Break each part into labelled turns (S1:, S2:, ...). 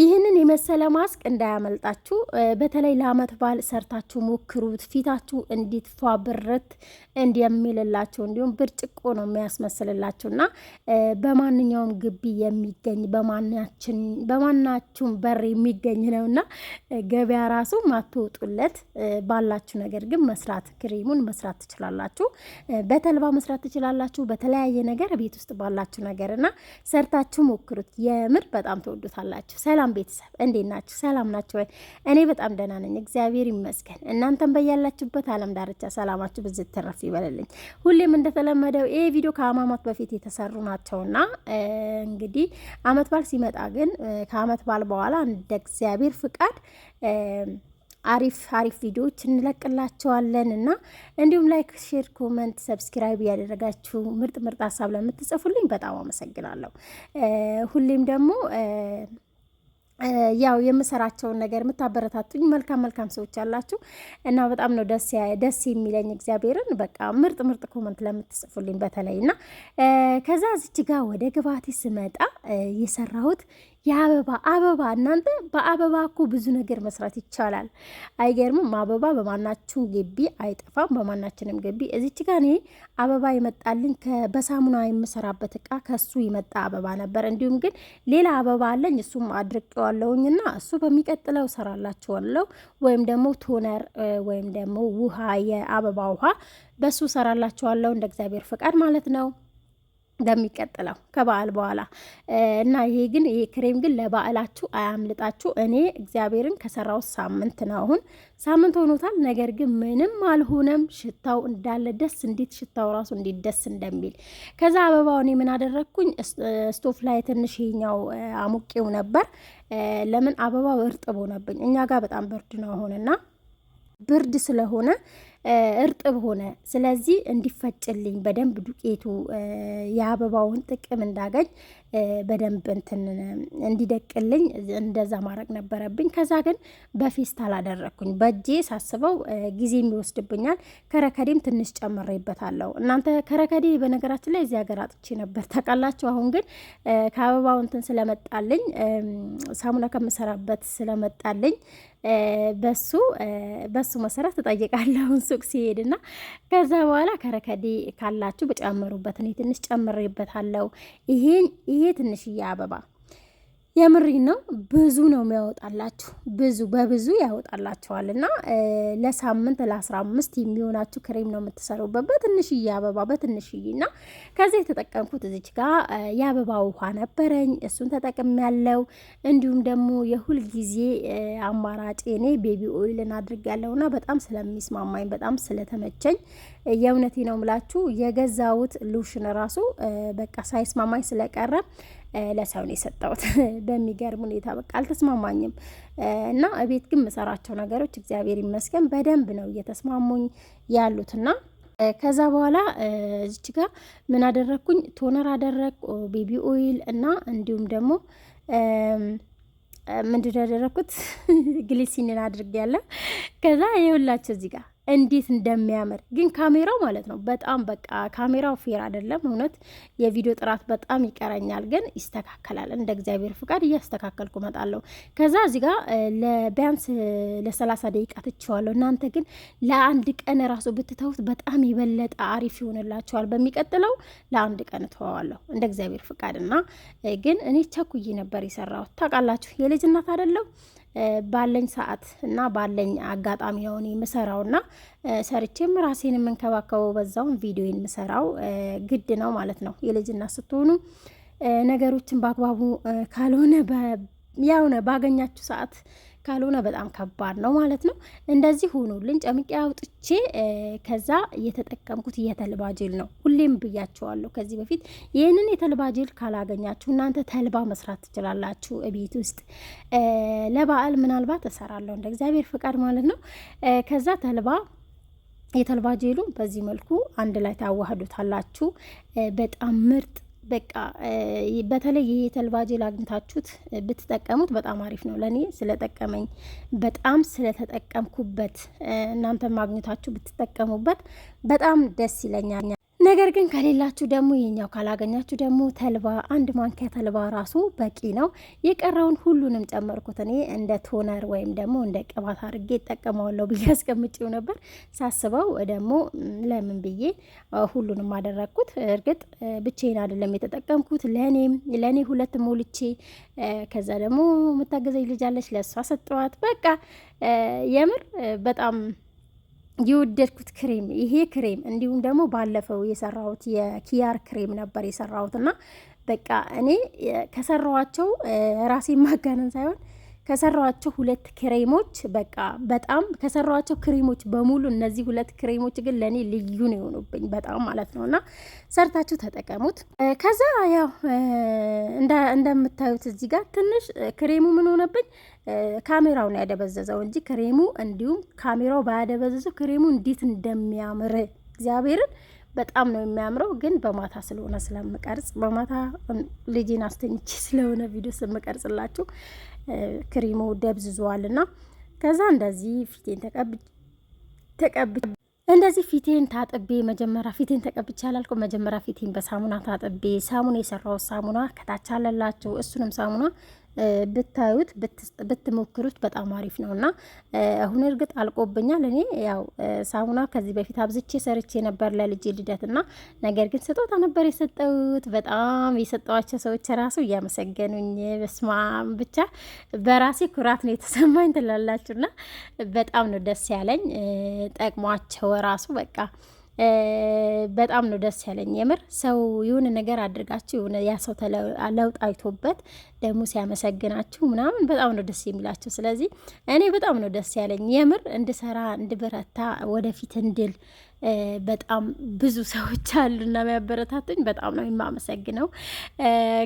S1: ይህንን የመሰለ ማስክ እንዳያመልጣችሁ። በተለይ ለአመት በዓል ሰርታችሁ ሞክሩት። ፊታችሁ እንዲት ፏብረት ብርት እንደሚልላችሁ እንዲሁም ብርጭቆ ነው የሚያስመስልላችሁ እና በማንኛውም ግቢ የሚገኝ በማናችሁም በር የሚገኝ ነው እና ገበያ ራሱ ማትወጡለት ባላችሁ ነገር ግን መስራት ክሬሙን መስራት ትችላላችሁ። በተልባ መስራት ትችላላችሁ። በተለያየ ነገር ቤት ውስጥ ባላችሁ ነገር እና ሰርታችሁ ሞክሩት። የምር በጣም ትወዱታላችሁ። ሰላም ሰላም ቤተሰብ እንዴት ናችሁ? ሰላም ናችሁ ወይ? እኔ በጣም ደህና ነኝ፣ እግዚአብሔር ይመስገን። እናንተም በያላችሁበት ዓለም ዳርቻ ሰላማችሁ ብዝት ትረፍ ይበለልኝ። ሁሌም እንደተለመደው ይሄ ቪዲዮ ከአማማት በፊት የተሰሩ ናቸውና እንግዲህ አመት በዓል ሲመጣ ግን ከአመት በዓል በኋላ እንደ እግዚአብሔር ፍቃድ አሪፍ አሪፍ ቪዲዮዎች እንለቅላቸዋለን እና እንዲሁም ላይክ፣ ሼር፣ ኮመንት፣ ሰብስክራይብ እያደረጋችሁ ምርጥ ምርጥ ሀሳብ ለምትጽፉልኝ በጣም አመሰግናለሁ። ሁሌም ደግሞ ያው የምሰራቸውን ነገር የምታበረታቱኝ መልካም መልካም ሰዎች አላችሁ እና በጣም ነው ደስ ደስ የሚለኝ እግዚአብሔርን በቃ ምርጥ ምርጥ ኮመንት ለምትጽፉልኝ በተለይ እና ከዛ ዝች ጋር ወደ ግባቴ ስመጣ የሰራሁት የአበባ አበባ እናንተ በአበባ እኮ ብዙ ነገር መስራት ይቻላል። አይገርምም? አበባ በማናችን ግቢ አይጠፋም፣ በማናችንም ግቢ። እዚች ጋ እኔ አበባ ይመጣልኝ በሳሙና የምሰራበት እቃ ከሱ ይመጣ አበባ ነበር። እንዲሁም ግን ሌላ አበባ አለኝ፣ እሱም አድርቄዋለሁኝና እሱ በሚቀጥለው ሰራላችኋለሁ። ወይም ደግሞ ቶነር ወይም ደግሞ ውሃ፣ የአበባ ውሃ በሱ ሰራላችኋለሁ እንደ እግዚአብሔር ፈቃድ ማለት ነው። እንደሚቀጥለው ከበዓል በኋላ እና ይሄ ግን ይሄ ክሬም ግን ለበዓላችሁ አያምልጣችሁ። እኔ እግዚአብሔርን ከሰራው ሳምንት ነው አሁን ሳምንት ሆኖታል። ነገር ግን ምንም አልሆነም። ሽታው እንዳለ ደስ እንዴት ሽታው ራሱ እንዴት ደስ እንደሚል ከዛ አበባው እኔ ምን አደረግኩኝ ስቶፍ ላይ ትንሽ ይሄኛው አሙቄው ነበር። ለምን አበባው እርጥቦ ሆነብኝ እኛ ጋር በጣም ብርድ ነው አሁንና ብርድ ስለሆነ እርጥብ ሆነ። ስለዚህ እንዲፈጭልኝ በደንብ ዱቄቱ የአበባውን ጥቅም እንዳገኝ በደንብ እንትን እንዲደቅልኝ እንደዛ ማድረግ ነበረብኝ። ከዛ ግን በፌስታል አደረግኩኝ። በእጄ ሳስበው ጊዜ ይወስድብኛል። ከረከዴም ትንሽ ጨምሬበታለሁ። እናንተ ከረከዴ በነገራችን ላይ እዚህ ሀገር አጥቼ ነበር ታውቃላችሁ። አሁን ግን ከአበባው እንትን ስለመጣልኝ ሳሙና ከምሰራበት ስለመጣልኝ በሱ በሱ መሰረት እጠይቃለሁ ሱቅ ሲሄድ እና ከዛ በኋላ ከረከዴ ካላችሁ በጨምሩበት እኔ ትንሽ ጨምሬበታለሁ። ይሄን ይሄ ትንሽዬ አበባ የምሪ ነው። ብዙ ነው የሚያወጣላችሁ፣ ብዙ በብዙ ያወጣላችኋል። እና ለሳምንት ለአስራ አምስት የሚሆናችሁ ክሬም ነው የምትሰሩበት በትንሽዬ አበባ በትንሽዬ እና ከዚህ የተጠቀምኩት እዚች ጋር የአበባ ውሃ ነበረኝ፣ እሱን ተጠቅም ያለው እንዲሁም ደግሞ የሁል ጊዜ አማራጭ እኔ ቤቢ ኦይልን ያለው እና በጣም ስለሚስማማኝ በጣም ስለተመቸኝ የእውነቴ ነው የምላችሁ የገዛውት ሉሽን ራሱ በቃ ሳይስማማኝ ስለቀረ ለሰው ነው የሰጠሁት። በሚገርም ሁኔታ በቃ አልተስማማኝም እና እቤት ግን የምሰራቸው ነገሮች እግዚአብሔር ይመስገን በደንብ ነው እየተስማሙኝ ያሉትና ከዛ በኋላ እዚች ጋ ምን አደረግኩኝ? ቶነር አደረግ ቤቢ ኦይል እና እንዲሁም ደግሞ ምንድን ያደረግኩት ግሊሲንን አድርግ ያለ ከዛ የሁላቸው እዚህ ጋር እንዴት እንደሚያምር ግን ካሜራው ማለት ነው። በጣም በቃ ካሜራው ፌር አይደለም። እውነት የቪዲዮ ጥራት በጣም ይቀረኛል፣ ግን ይስተካከላል። እንደ እግዚአብሔር ፍቃድ እያስተካከልኩ እመጣለሁ። ከዛ እዚህ ጋር ለቢያንስ ለሰላሳ ደቂቃ ትችዋለሁ። እናንተ ግን ለአንድ ቀን ራሱ ብትተውት በጣም የበለጠ አሪፍ ይሆንላቸዋል። በሚቀጥለው ለአንድ ቀን ተዋዋለሁ እንደ እግዚአብሔር ፍቃድ እና ግን እኔ ቸኩዬ ነበር የሰራሁት ታውቃላችሁ። የልጅ እናት አይደለሁ ባለኝ ሰዓት እና ባለኝ አጋጣሚ ነው እኔ የምሰራው እና ሰርቼም ራሴን የምንከባከበው በዛውን ቪዲዮ የምሰራው ግድ ነው ማለት ነው። የልጅና ስትሆኑ ነገሮችን በአግባቡ ካልሆነ ያው ነው ባገኛችሁ ሰዓት ካልሆነ በጣም ከባድ ነው ማለት ነው። እንደዚህ ሆኖልን ጨምቄ አውጥቼ ከዛ የተጠቀምኩት የተልባ ጄል ነው። ሁሌም ብያቸዋለሁ ከዚህ በፊት ይህንን የተልባ ጄል ካላገኛችሁ እናንተ ተልባ መስራት ትችላላችሁ ቤት ውስጥ ለበዓል ምናልባት እሰራለሁ እንደ እግዚአብሔር ፍቃድ ማለት ነው። ከዛ ተልባ የተልባ ጄሉ በዚህ መልኩ አንድ ላይ ታዋህዱታላችሁ በጣም ምርጥ በቃ በተለይ ይሄ የተልባ ጄል አግኝታችሁት ብትጠቀሙት በጣም አሪፍ ነው። ለእኔ ስለጠቀመኝ በጣም ስለተጠቀምኩበት እናንተ ማግኘታችሁ ብትጠቀሙበት በጣም ደስ ይለኛል። ነገር ግን ከሌላችሁ ደግሞ የኛው ካላገኛችሁ ደግሞ ተልባ አንድ ማንኪያ ተልባ ራሱ በቂ ነው። የቀረውን ሁሉንም ጨመርኩት። እኔ እንደ ቶነር ወይም ደግሞ እንደ ቅባት አድርጌ እጠቀመዋለሁ ብዬ አስቀምጬው ነበር። ሳስበው ደግሞ ለምን ብዬ ሁሉንም አደረግኩት። እርግጥ ብቻዬን አይደለም የተጠቀምኩት፣ ለእኔም ለእኔ ሁለት ሞልቼ ከዛ ደግሞ የምታገዘኝ ልጃለች ለእሷ ሰጠዋት። በቃ የምር በጣም የወደድኩት ክሬም ይሄ ክሬም እንዲሁም ደግሞ ባለፈው የሰራሁት የኪያር ክሬም ነበር የሰራሁት እና በቃ እኔ ከሰራኋቸው ራሴ ማጋነን ሳይሆን ከሰራኋቸው ሁለት ክሬሞች በቃ በጣም ከሰራኋቸው ክሬሞች በሙሉ እነዚህ ሁለት ክሬሞች ግን ለእኔ ልዩ ነው የሆኑብኝ በጣም ማለት ነው። እና ሰርታችሁ ተጠቀሙት። ከዛ ያው እንደምታዩት እዚህ ጋር ትንሽ ክሬሙ ምን ሆነብኝ ካሜራውን ያደበዘዘው እንጂ ክሬሙ እንዲሁም ካሜራው ባያደበዘዘው ክሬሙ እንዴት እንደሚያምር እግዚአብሔርን በጣም ነው የሚያምረው። ግን በማታ ስለሆነ ስለምቀርጽ በማታ ልጅን አስተኝቼ ስለሆነ ቪዲዮ ስምቀርጽላችሁ ክሬሙ ደብዝዟል እና ከዛ እንደዚህ ፊቴን ተቀብ እንደዚህ ፊቴን ታጥቤ መጀመሪያ ፊቴን ተቀብቻ አላልኩ። መጀመሪያ ፊቴን በሳሙና ታጥቤ ሳሙና የሰራው ሳሙና ከታች አለላችሁ። እሱንም ሳሙና ብታዩት ብትሞክሩት በጣም አሪፍ ነው እና አሁን እርግጥ አልቆብኛል። እኔ ያው ሳሙና ከዚህ በፊት አብዝቼ ሰርቼ ነበር ለልጅ ልደት እና ነገር ግን ስጦታ ነበር የሰጠሁት። በጣም የሰጠዋቸው ሰዎች ራሱ እያመሰገኑኝ በስማም ብቻ በራሴ ኩራት ነው የተሰማኝ ትላላችሁና በጣም ነው ደስ ያለኝ። ጠቅሟቸው ራሱ በቃ በጣም ነው ደስ ያለኝ። የምር ሰው የሆነ ነገር አድርጋችሁ የሆነ ያ ሰው ለውጥ አይቶበት ደግሞ ሲያመሰግናችሁ ምናምን በጣም ነው ደስ የሚላችሁ። ስለዚህ እኔ በጣም ነው ደስ ያለኝ የምር እንድሰራ እንድበረታ ወደፊት እንድል በጣም ብዙ ሰዎች አሉና የሚያበረታቱኝ በጣም ነው የማመሰግነው።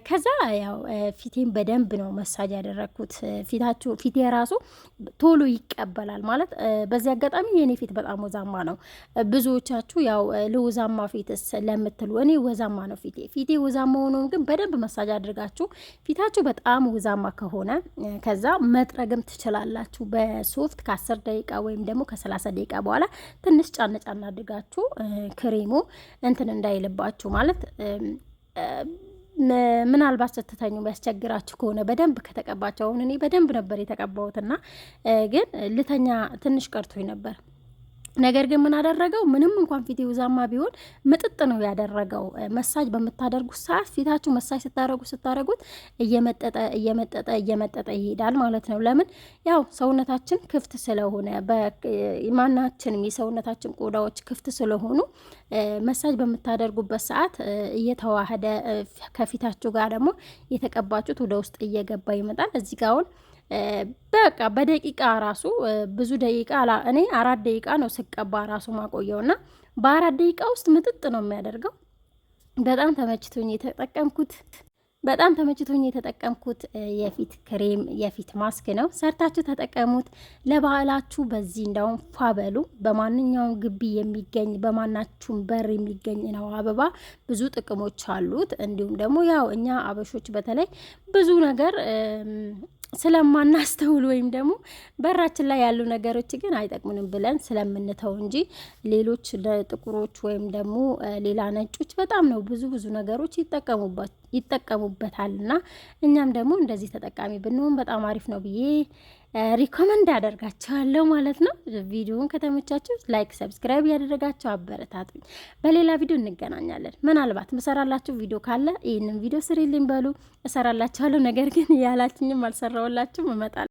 S1: ከዛ ያው ፊቴን በደንብ ነው መሳጅ ያደረግኩት። ፊታችሁ ፊቴ ራሱ ቶሎ ይቀበላል ማለት። በዚህ አጋጣሚ የኔ ፊት በጣም ወዛማ ነው። ብዙዎቻችሁ ያው ለወዛማ ፊትስ ለምትሉ እኔ ወዛማ ነው ፊቴ ፊቴ ወዛማ ሆኖም ግን በደንብ መሳጅ አድርጋችሁ ፊታችሁ በጣም ወዛማ ከሆነ ከዛ መጥረግም ትችላላችሁ በሶፍት ከአስር ደቂቃ ወይም ደግሞ ከሰላሳ ደቂቃ በኋላ ትንሽ ጫነ አድርጋችሁ ክሬሙ እንትን እንዳይልባችሁ ማለት ምናልባት ስትተኙ ያስቸግራችሁ ከሆነ በደንብ ከተቀባቸው አሁን እኔ በደንብ ነበር የተቀባሁትና ግን ልተኛ ትንሽ ቀርቶኝ ነበር ነገር ግን ምን አደረገው? ምንም እንኳን ፊት ውዛማ ቢሆን ምጥጥ ነው ያደረገው። መሳጅ በምታደርጉት ሰዓት ፊታችሁ መሳጅ ስታደረጉ ስታደረጉት እየመጠጠ እየመጠጠ እየመጠጠ ይሄዳል ማለት ነው። ለምን ያው ሰውነታችን ክፍት ስለሆነ ማናችንም የሰውነታችን ቆዳዎች ክፍት ስለሆኑ መሳጅ በምታደርጉበት ሰዓት እየተዋህደ ከፊታችሁ ጋር ደግሞ የተቀባችሁት ወደ ውስጥ እየገባ ይመጣል። እዚህ ጋውን በቃ በደቂቃ ራሱ ብዙ ደቂቃ እኔ አራት ደቂቃ ነው ስቀባ ራሱ ማቆየው እና በአራት ደቂቃ ውስጥ ምጥጥ ነው የሚያደርገው። በጣም ተመችቶኝ የተጠቀምኩት በጣም ተመችቶኝ የተጠቀምኩት የፊት ክሬም የፊት ማስክ ነው። ሰርታችሁ ተጠቀሙት ለባህላችሁ በዚህ እንዳውም ፋበሉ በማንኛውም ግቢ የሚገኝ በማናችሁም በር የሚገኝ ነው። አበባ ብዙ ጥቅሞች አሉት። እንዲሁም ደግሞ ያው እኛ አበሾች በተለይ ብዙ ነገር ስለማናስተውል ወይም ደግሞ በራችን ላይ ያሉ ነገሮች ግን አይጠቅሙንም ብለን ስለምንተው እንጂ ሌሎች ጥቁሮች ወይም ደግሞ ሌላ ነጮች በጣም ነው ብዙ ብዙ ነገሮች ይጠቀሙባቸው ይጠቀሙበታል እና እኛም ደግሞ እንደዚህ ተጠቃሚ ብንሆን በጣም አሪፍ ነው ብዬ ሪኮመንድ አደርጋቸዋለሁ ማለት ነው። ቪዲዮውን ከተመቻችሁ ላይክ፣ ሰብስክራይብ ያደረጋቸው አበረታቱኝ። በሌላ ቪዲዮ እንገናኛለን። ምናልባት ምሰራላችሁ ቪዲዮ ካለ ይህንን ቪዲዮ ስሪልኝ በሉ እሰራላችኋለሁ። ነገር ግን ያላችኝም አልሰራውላችሁም እመጣለሁ።